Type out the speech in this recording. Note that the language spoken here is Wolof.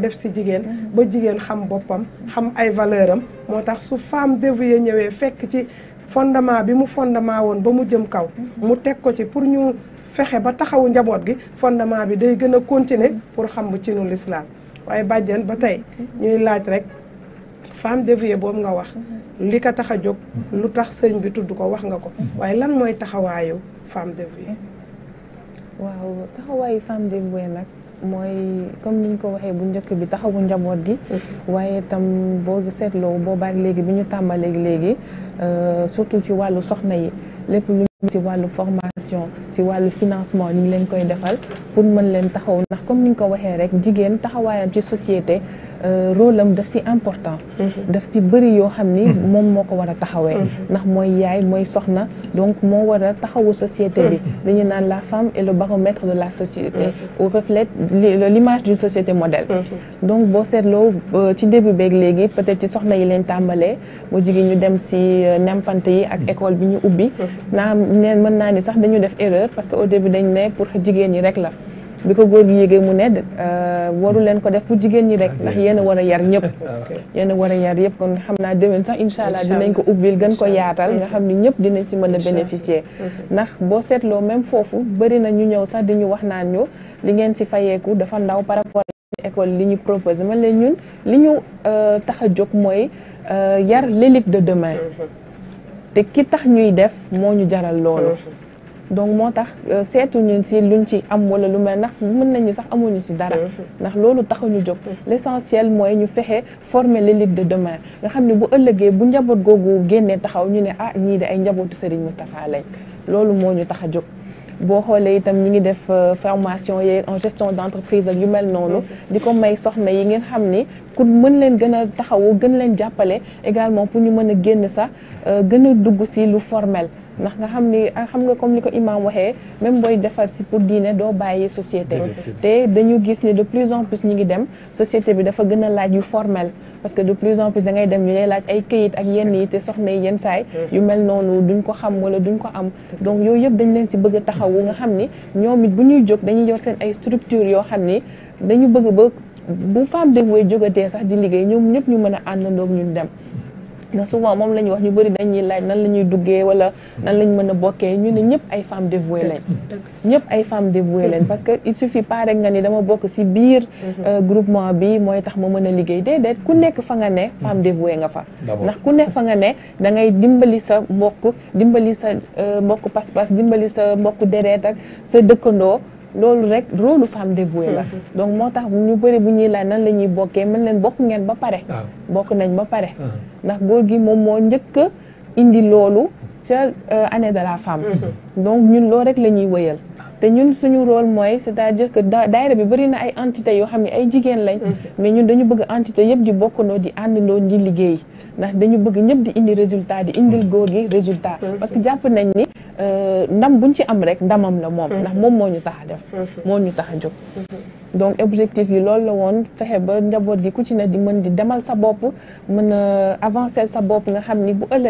def si jigéen ba jigéen xam boppam xam ay valeur am moo tax su femme dévouée ñëwee fekk ci fondement bi mu fondement woon ba mu jëm kaw mu teg ko ci pour ñu fexe ba taxawu njaboot gi fondement bi day gën a continuer pour xam bu ci nu lislaam waaye bàjjan ba tey ñuy laaj rek femme dévouée boobu nga wax li ko tax a jóg lu tax sëñ bi tudd ko wax nga ko waaye lan mooy taxawaayu femme dévouée waaw taxawaayu femme dévouée nag mooy comme ni ñu ko waxee bu njëkk bi taxawu njaboot gi. Mm-hmm. waaye itam boo seetloo boobaak léegi bi ñu tàmbalee léegi euh, surtout ci wàllu soxna yi lépp lu ci wàllu formation ci wàllu financement ñu leen koy defal pour mën leen taxaw ndax comme ni nga ko waxee rek jigéen taxawaayam ci société euh, rôle am daf ci important mm-hmm. daf ci bëri yoo xam ni mm-hmm. moom moo ko war a taxawee mm-hmm. ndax mooy yaay mooy soxna donc moo war a taxawu société bi dañu naan la femme est le baromètre de la société ou reflète l'image d'une société donc boo seetloo euh, ci début beeg léegi peut-être ci soxna yi leen tàmbalee moo jigéen ñu dem ci euh, nempante yi ak école bi ñu ubbi naam neen mën naa ni sax dañu def erreur parce que au début dañ ne pour jigéen ñi rek la bi ko góor gi yéegee mu ne euh, waru leen ko def pour jigéen ñi rek ah, ndax yéen a war a yar ñëpp yéen a war a yar yëpp kon xam naa déwén sax incha allah dinañ ko ubbil gën ko yaatal nga xam ni ñëpp dinañ si mën a bénéficier ndax boo seetloo même foofu bëri na ñu ñëw sax di ñu wax naan ñu li ngeen si fayeeku dafa ndaw par rapport école li ñu proposé man leen ñun li ñu euh, tax a jóg mooy euh, yar l'élite de demain mm-hmm. te ki tax ñuy def moo ñu jaral loolu mhm. donc moo tax euh, seetu ñun si luñ ci am wala lu mel ndax mën nañu sax amuñu si dara mhm. ndax loolu ñu jóg mhm. l'essentiel mooy ñu fexe former l'élite de demain nga xam ne bu ëllëgee bu njaboot googu génnee taxaw ñu ne ah ñii de ay njabootu Serigne Moustapha lañ loolu moo ñu tax a jóg boo xoolee itam ñi ngi def euh, formation yeeg en gestion d' entreprise ak yu mel noonu. Mm-hmm. di ko may soxna yi ngeen xam ni pour mën leen gën a taxawu gën leen jàppale également pour ñu mën a génn sax euh, gën a dugg si lu formel. ndax nga xam ni ah, xam nga comme li ko imam waxee même booy defar si pour diine doo bàyyi société te dañu gis ni de plus en plus ñu ngi dem société bi dafa gën a laaj yu formel parce que de plus en plus da ngay dem ñu lay laaj ay kayit ak yenn yi te soxna yi yenn saay mm-hmm. yu mel noonu duñ ko xam wala duñ ko am donc yooyu yëpp dañ leen si bëgg a taxawu nga xam ni ñoom it bu ñuy jóg dañuy yor seen ay structure yoo xam ni dañu bëgg ba bu femme dévouée jógatee sax di liggéey ñoom ñëpp ñu mën a àndandoog ñun dem ndax souvent moom la ñuy wax ñu bëri dañuy laaj nan la ñuy duggee wala nan lañ mën a bokkee ñu ne ñëpp ay femmes dévouées lañ ñëpp ay femmes dévouées leen parce que il suffit pas rek nga ni dama bokk ci biir euh, groupement bi mooy tax ma mën a liggéey déedéet ku nekk fa nga ne femme dévouée nga fa ndax ku nekk fa nga ne dangay dimbali sa mbokk dimbali sa euh, mbokk pas-pas dimbali sa mbokk deret ak sa dëkkandoo loolu rek rôle femme dévouée la hmm. donc moo tax ñu bëri bu ñuy laaj nan la ñuy bokkee mën leen bokk ngeen ba pare ah. bokk nañ ba pare ah. ndax góor gi moom moo njëkk indi loolu ca euh, année de la femme hmm. donc ñun loolu rek la ñuy wëyal ah. te ñun suñu role mooy c'est-à-dire que daayira bi bëri na ay entité yoo xam ne ay jigéen lañ hmm. mais ñun dañu bëgg entité yëpp di bokkandoo di àndandoo di liggéey ndax dañu bëgg ñëpp di indi résultat di indil góor gi résultat parce que jàpp nañ ni Euh, ndam buñ ci am rek ndamam la moom. ndax mhm. moom moo ñu tax a def. Mhm. moo ñu tax a jóg. Mhm. donc objectif yi loolu la woon fexe ba njaboot gi ku ci ne di mën di demal sa bopp mën a avancer sa bopp nga xam ni bu ëllëg